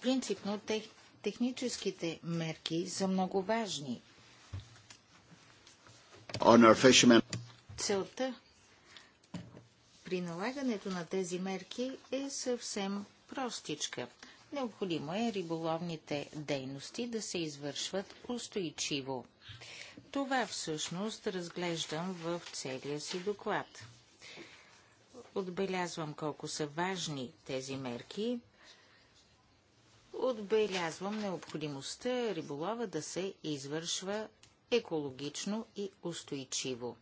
Принципно тех, техническите мерки са много важни. Целта при налагането на тези мерки е съвсем простичка. Необходимо е риболовните дейности да се извършват устойчиво. Това всъщност разглеждам в целия си доклад. Отбелязвам колко са важни тези мерки отбелязвам необходимостта риболова да се извършва екологично и устойчиво.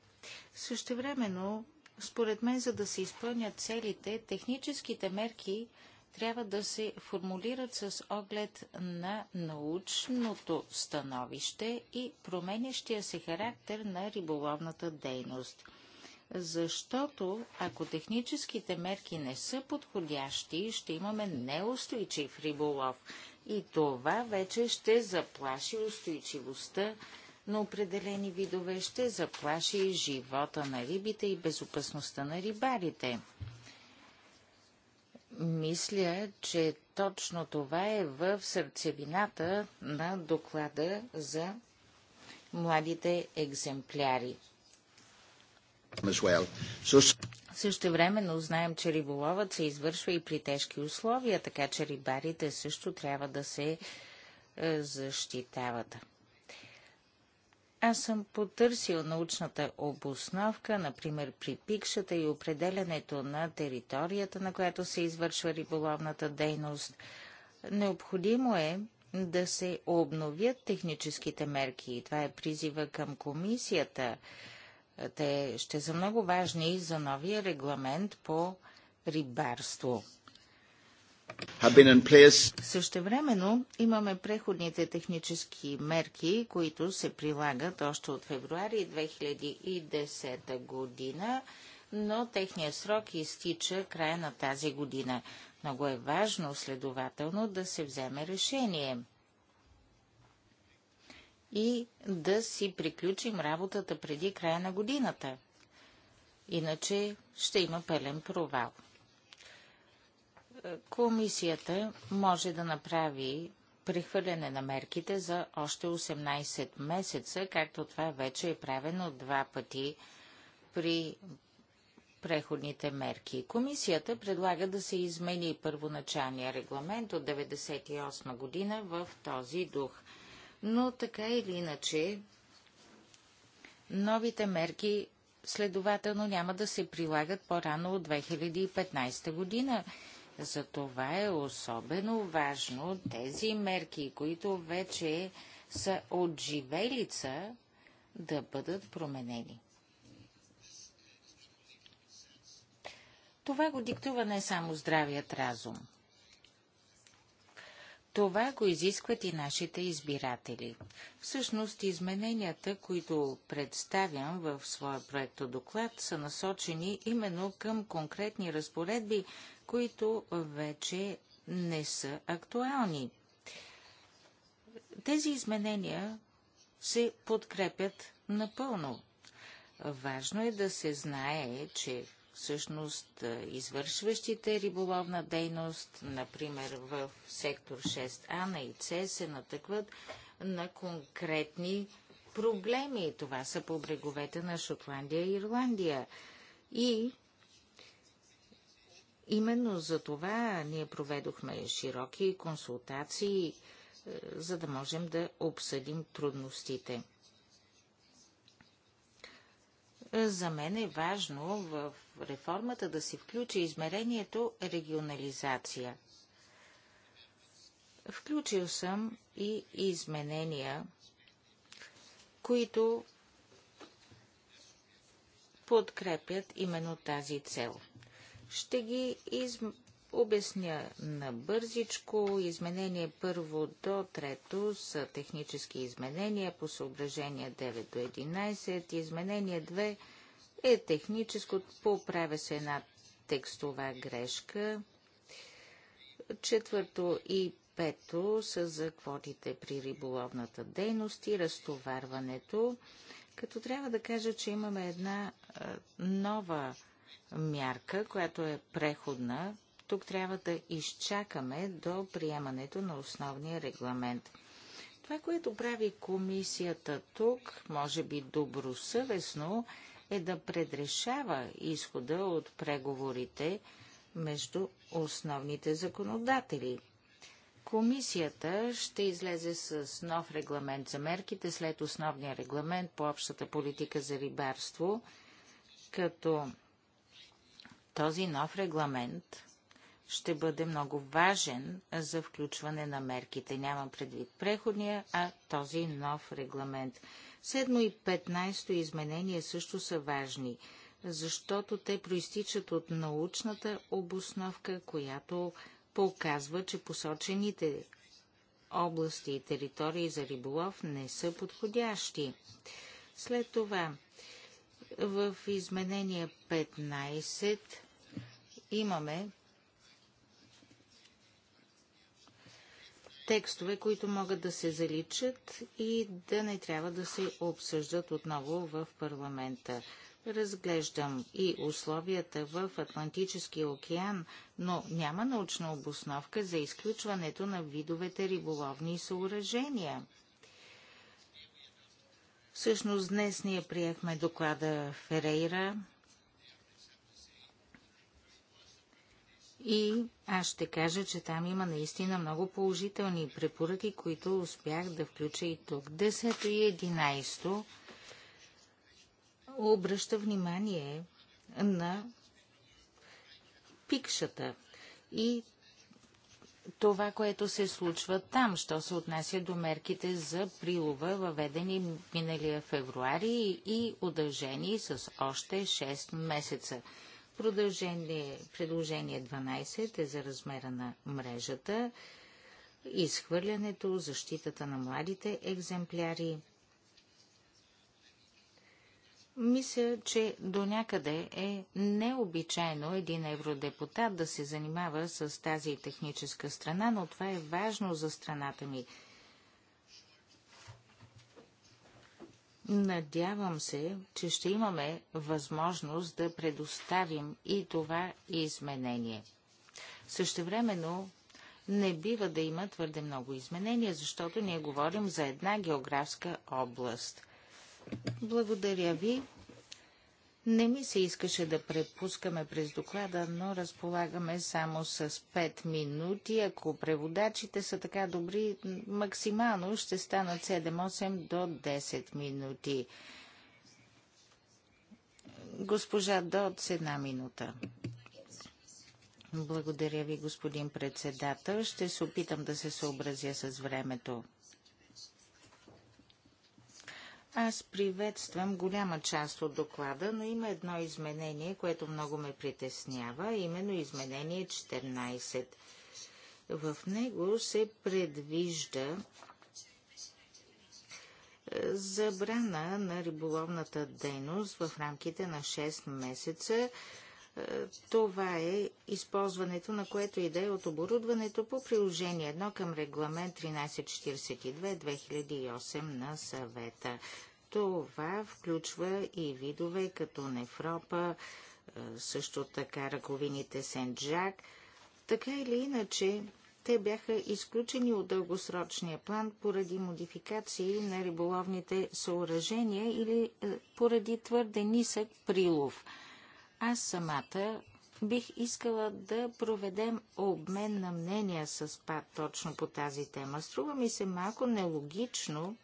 Същевременно, според мен, за да се изпълнят целите, техническите мерки трябва да се формулират с оглед на научното становище и променящия се характер на риболовната дейност защото ако техническите мерки не са подходящи, ще имаме неустойчив риболов и това вече ще заплаши устойчивостта на определени видове, ще заплаши живота на рибите и безопасността на рибарите. Мисля, че точно това е в сърцевината на доклада за младите екземпляри. Well. So... Също времено знаем, че риболовът се извършва и при тежки условия, така че рибарите също трябва да се е, защитават. Аз съм потърсил научната обосновка, например при пикшата и определенето на територията, на която се извършва риболовната дейност. Необходимо е да се обновят техническите мерки и това е призива към комисията. Те ще са много важни за новия регламент по рибарство. времено имаме преходните технически мерки, които се прилагат още от февруари 2010 година, но техният срок изтича края на тази година. Много е важно, следователно, да се вземе решение – и да си приключим работата преди края на годината. Иначе ще има пълен провал. Комисията може да направи прехвърляне на мерките за още 18 месеца, както това вече е правено два пъти при преходните мерки. Комисията предлага да се измени първоначалния регламент от 1998 година в този дух – но така или иначе новите мерки следователно няма да се прилагат по-рано от 2015 година. Затова е особено важно тези мерки, които вече са от живелица, да бъдат променени. Това го диктува не само здравият разум – това го изискват и нашите избиратели. Всъщност, измененията, които представям в своя доклад, са насочени именно към конкретни разпоредби, които вече не са актуални. Тези изменения се подкрепят напълно. Важно е да се знае, че всъщност е, извършващите риболовна дейност, например в сектор 6А на ИЦ, се натъкват на конкретни проблеми. Това са по бреговете на Шотландия и Ирландия. И именно за това ние проведохме широки консултации, е, за да можем да обсъдим трудностите. За мен е важно в реформата да се включи измерението регионализация. Включил съм и изменения, които подкрепят именно тази цел. Ще ги из... обясня бързичко, Изменение първо до трето са технически изменения по съображение 9 до 11, изменение 2 е техническо. Поправя се една текстова грешка. Четвърто и пето са за квотите при риболовната дейност и разтоварването. Като трябва да кажа, че имаме една нова мярка, която е преходна. Тук трябва да изчакаме до приемането на основния регламент. Това, което прави комисията тук, може би добросъвестно, е да предрешава изхода от преговорите между основните законодатели. Комисията ще излезе с нов регламент за мерките след основния регламент по общата политика за рибарство, като този нов регламент ще бъде много важен за включване на мерките. Нямам предвид преходния, а този нов регламент. Седмо и 15 изменения също са важни, защото те проистичат от научната обосновка, която показва, че посочените области и територии за риболов не са подходящи. След това в изменение 15 имаме текстове, които могат да се заличат и да не трябва да се обсъждат отново в парламента. Разглеждам и условията в Атлантическия океан, но няма научна обосновка за изключването на видовете риболовни съоръжения. Всъщност днес ние приехме доклада Ферейра И аз ще кажа, че там има наистина много положителни препоръки, които успях да включа и тук. Десето и единайсто обръща внимание на пикшата и това, което се случва там, що се отнася до мерките за прилова, въведени миналия февруари и удължени с още 6 месеца. Продължение, предложение 12 е за размера на мрежата, изхвърлянето, защитата на младите екземпляри. Мисля, че до някъде е необичайно един евродепутат да се занимава с тази техническа страна, но това е важно за страната ми – Надявам се, че ще имаме възможност да предоставим и това изменение. Същевременно не бива да има твърде много изменения, защото ние говорим за една географска област. Благодаря ви. Не ми се искаше да препускаме през доклада, но разполагаме само с 5 минути. Ако преводачите са така добри, максимално ще станат 7-8 до 10 минути. Госпожа Дод с една минута. Благодаря ви, господин председател. Ще се опитам да се съобразя с времето. Аз приветствам голяма част от доклада, но има едно изменение, което много ме притеснява, именно изменение 14. В него се предвижда е, забрана на риболовната дейност в рамките на 6 месеца е, това е използването на което и да е от оборудването по приложение 1 към регламент 1342-2008 на съвета. Това включва и видове като нефропа, е, също така ръковините Джак, Така или иначе, те бяха изключени от дългосрочния план поради модификации на риболовните съоръжения или е, поради твърде нисък прилов – аз самата бих искала да проведем обмен на мнения с ПАД точно по тази тема. Струва ми се малко нелогично,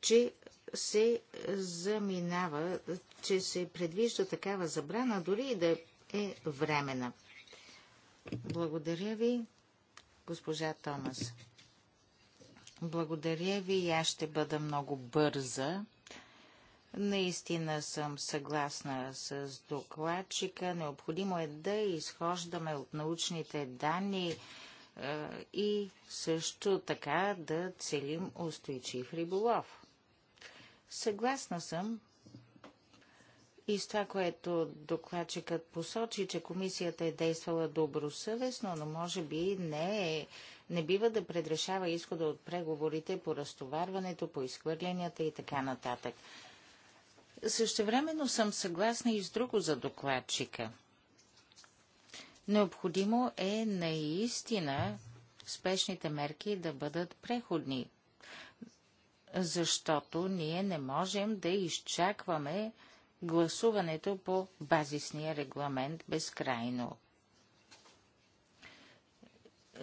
че се заминава, че се предвижда такава забрана, дори и да е времена. Благодаря ви, госпожа Томас. Благодаря ви и аз ще бъда много бърза. Наистина съм съгласна с докладчика. Необходимо е да изхождаме от научните данни е, и също така да целим устойчив риболов. Съгласна съм и с това, което докладчикът посочи, че комисията е действала добросъвестно, но може би не е не бива да предрешава изхода от преговорите по разтоварването, по изхвърлянията и така нататък. Същевременно съм съгласна и с друго за докладчика. Необходимо е наистина спешните мерки да бъдат преходни, защото ние не можем да изчакваме гласуването по базисния регламент безкрайно.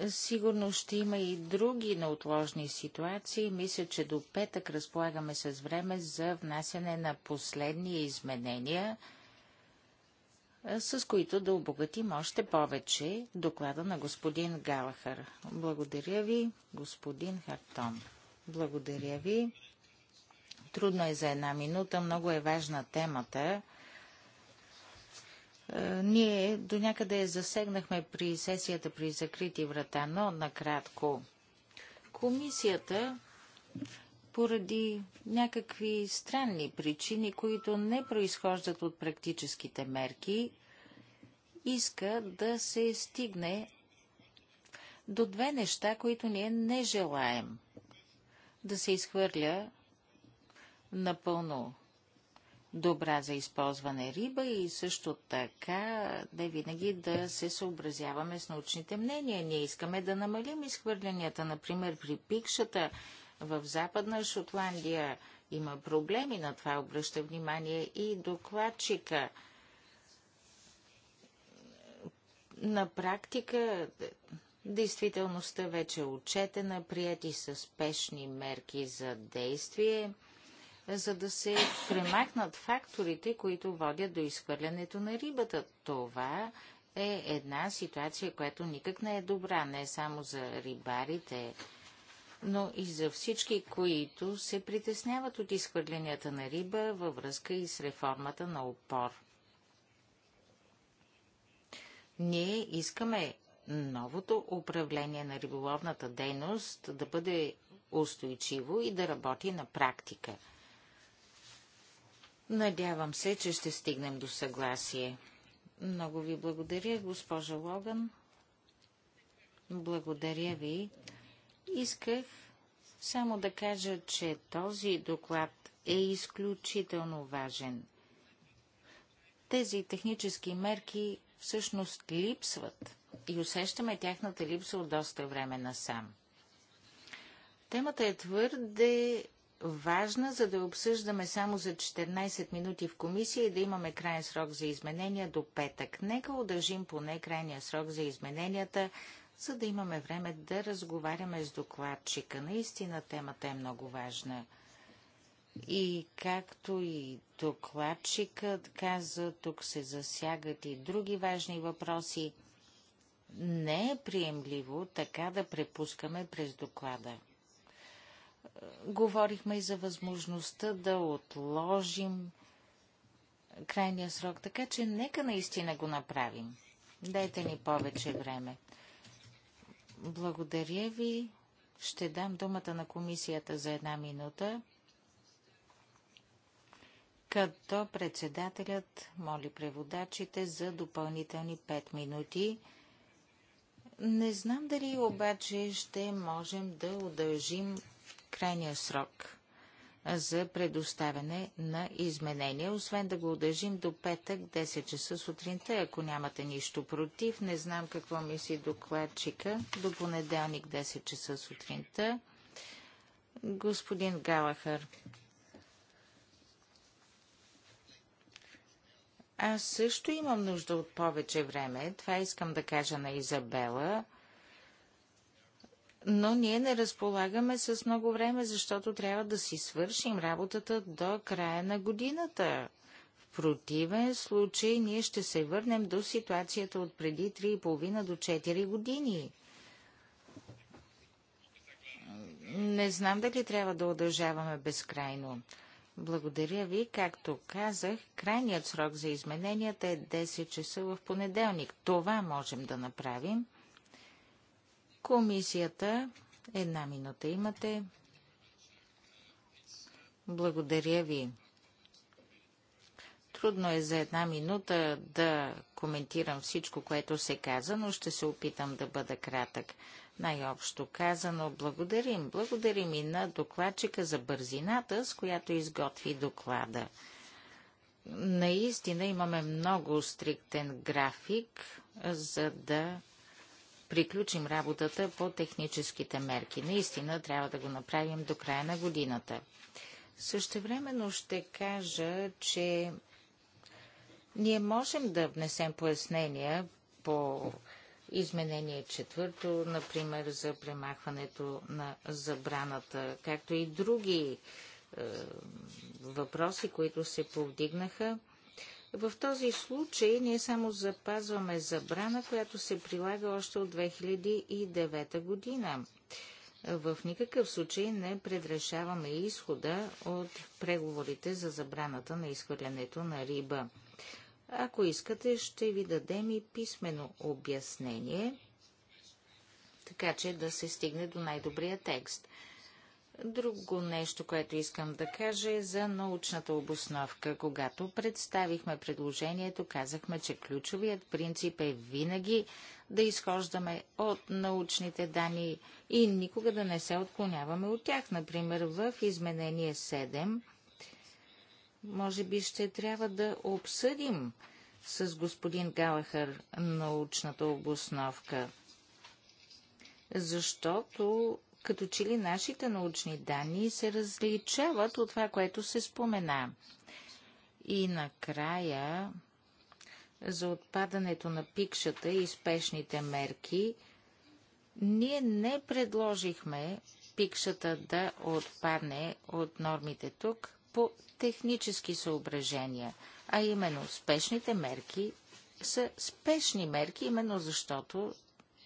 Сигурно ще има и други неотложни ситуации. Мисля, че до петък разполагаме с време за внасяне на последни изменения, с които да обогатим още повече доклада на господин Галахър. Благодаря ви, господин Хартон. Благодаря ви. Трудно е за една минута, много е важна темата. Е, ние до някъде засегнахме при сесията при закрити врата, но накратко. Комисията поради някакви странни причини, които не произхождат от практическите мерки, иска да се стигне до две неща, които ние не желаем. Да се изхвърля напълно добра за използване риба и също така да винаги да се съобразяваме с научните мнения. Ние искаме да намалим изхвърлянията, например при пикшата в Западна Шотландия има проблеми, на това обръща внимание и докладчика. На практика действителността вече е отчетена, прияти са спешни мерки за действие – за да се премахнат факторите, които водят до изхвърлянето на рибата. Това е една ситуация, която никак не е добра, не само за рибарите, но и за всички, които се притесняват от изхвърлянията на риба във връзка и с реформата на опор. Ние искаме новото управление на риболовната дейност да бъде устойчиво и да работи на практика – Надявам се, че ще стигнем до съгласие. Много ви благодаря, госпожа Логан. Благодаря ви. Исках само да кажа, че този доклад е изключително важен. Тези технически мерки всъщност липсват и усещаме тяхната липса от доста време насам. Темата е твърде важна, за да обсъждаме само за 14 минути в комисия и да имаме крайен срок за изменения до петък. Нека удължим поне крайния срок за измененията, за да имаме време да разговаряме с докладчика. Наистина темата е много важна. И както и докладчикът каза, тук се засягат и други важни въпроси. Не е приемливо така да препускаме през доклада. Говорихме и за възможността да отложим крайния срок, така че нека наистина го направим. Дайте ни повече време. Благодаря ви. Ще дам думата на комисията за една минута, като председателят моли преводачите за допълнителни 5 минути. Не знам дали обаче ще можем да удължим крайния срок за предоставяне на изменения, освен да го удържим до петък 10 часа сутринта, ако нямате нищо против. Не знам какво мисли докладчика до понеделник 10 часа сутринта. Господин Галахър, аз също имам нужда от повече време. Това искам да кажа на Изабела – но ние не разполагаме с много време, защото трябва да си свършим работата до края на годината. В противен случай ние ще се върнем до ситуацията от преди 3,5 до 4 години. Не знам дали трябва да удължаваме безкрайно. Благодаря ви. Както казах, крайният срок за измененията е 10 часа в понеделник. Това можем да направим. Комисията, една минута имате. Благодаря ви. Трудно е за една минута да коментирам всичко, което се каза, но ще се опитам да бъда кратък. Най-общо казано, благодарим. Благодарим и на докладчика за бързината, с която изготви доклада. Наистина имаме много стриктен график, за да приключим работата по техническите мерки. Наистина трябва да го направим до края на годината. Същевременно ще кажа, че ние можем да внесем пояснения по изменение четвърто, например за премахването на забраната, както и други е, въпроси, които се повдигнаха. В този случай ние само запазваме забрана, която се прилага още от 2009 година. В никакъв случай не предрешаваме изхода от преговорите за забраната на изхвърлянето на риба. Ако искате, ще ви дадем и писмено обяснение, така че да се стигне до най-добрия текст. Друго нещо, което искам да кажа е за научната обосновка. Когато представихме предложението, казахме, че ключовият принцип е винаги да изхождаме от научните данни и никога да не се отклоняваме от тях. Например, в изменение 7, може би ще трябва да обсъдим с господин Галахър научната обосновка, защото като че ли нашите научни данни се различават от това, което се спомена. И накрая, за отпадането на пикшата и спешните мерки, ние не предложихме пикшата да отпадне от нормите тук по технически съображения, а именно спешните мерки са спешни мерки, именно защото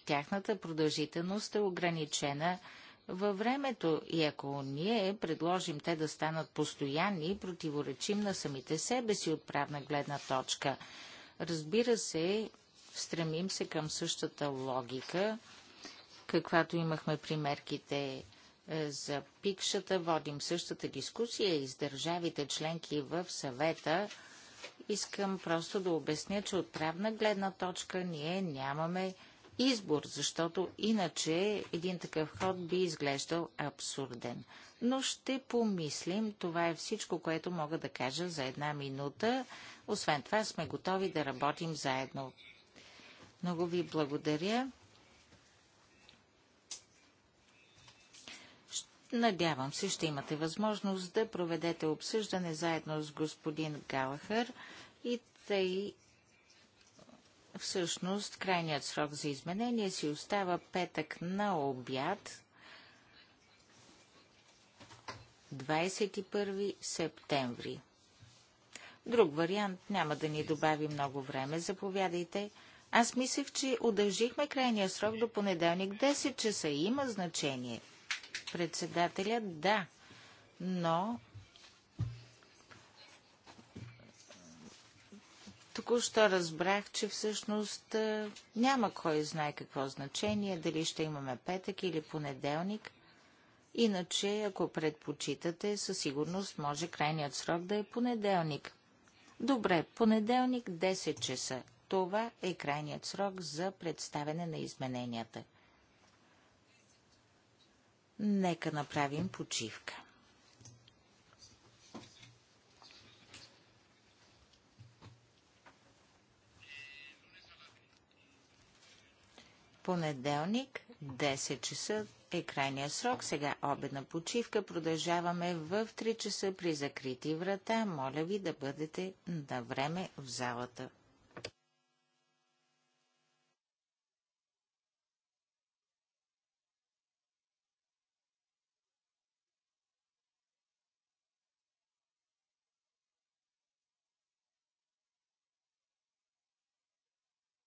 тяхната продължителност е ограничена във времето и ако ние предложим те да станат постоянни, противоречим на самите себе си от правна гледна точка. Разбира се, стремим се към същата логика, каквато имахме при мерките е, за пикшата. Водим същата дискусия и с държавите членки в съвета. Искам просто да обясня, че от правна гледна точка ние нямаме избор, защото иначе един такъв ход би изглеждал абсурден. Но ще помислим, това е всичко, което мога да кажа за една минута. Освен това сме готови да работим заедно. Много ви благодаря. Надявам се, ще имате възможност да проведете обсъждане заедно с господин Галахър и тъй Всъщност, крайният срок за изменение си остава петък на обяд, 21 септември. Друг вариант няма да ни добави много време. Заповядайте. Аз мислех, че удължихме крайния срок до понеделник 10 часа. Има значение. Председателят, да, но Току-що разбрах, че всъщност няма кой знае какво значение, дали ще имаме петък или понеделник. Иначе, ако предпочитате, със сигурност може крайният срок да е понеделник. Добре, понеделник 10 часа. Това е крайният срок за представяне на измененията. Нека направим почивка. Понеделник, 10 часа е крайния срок. Сега обедна почивка. Продължаваме в 3 часа при закрити врата. Моля ви да бъдете на време в залата.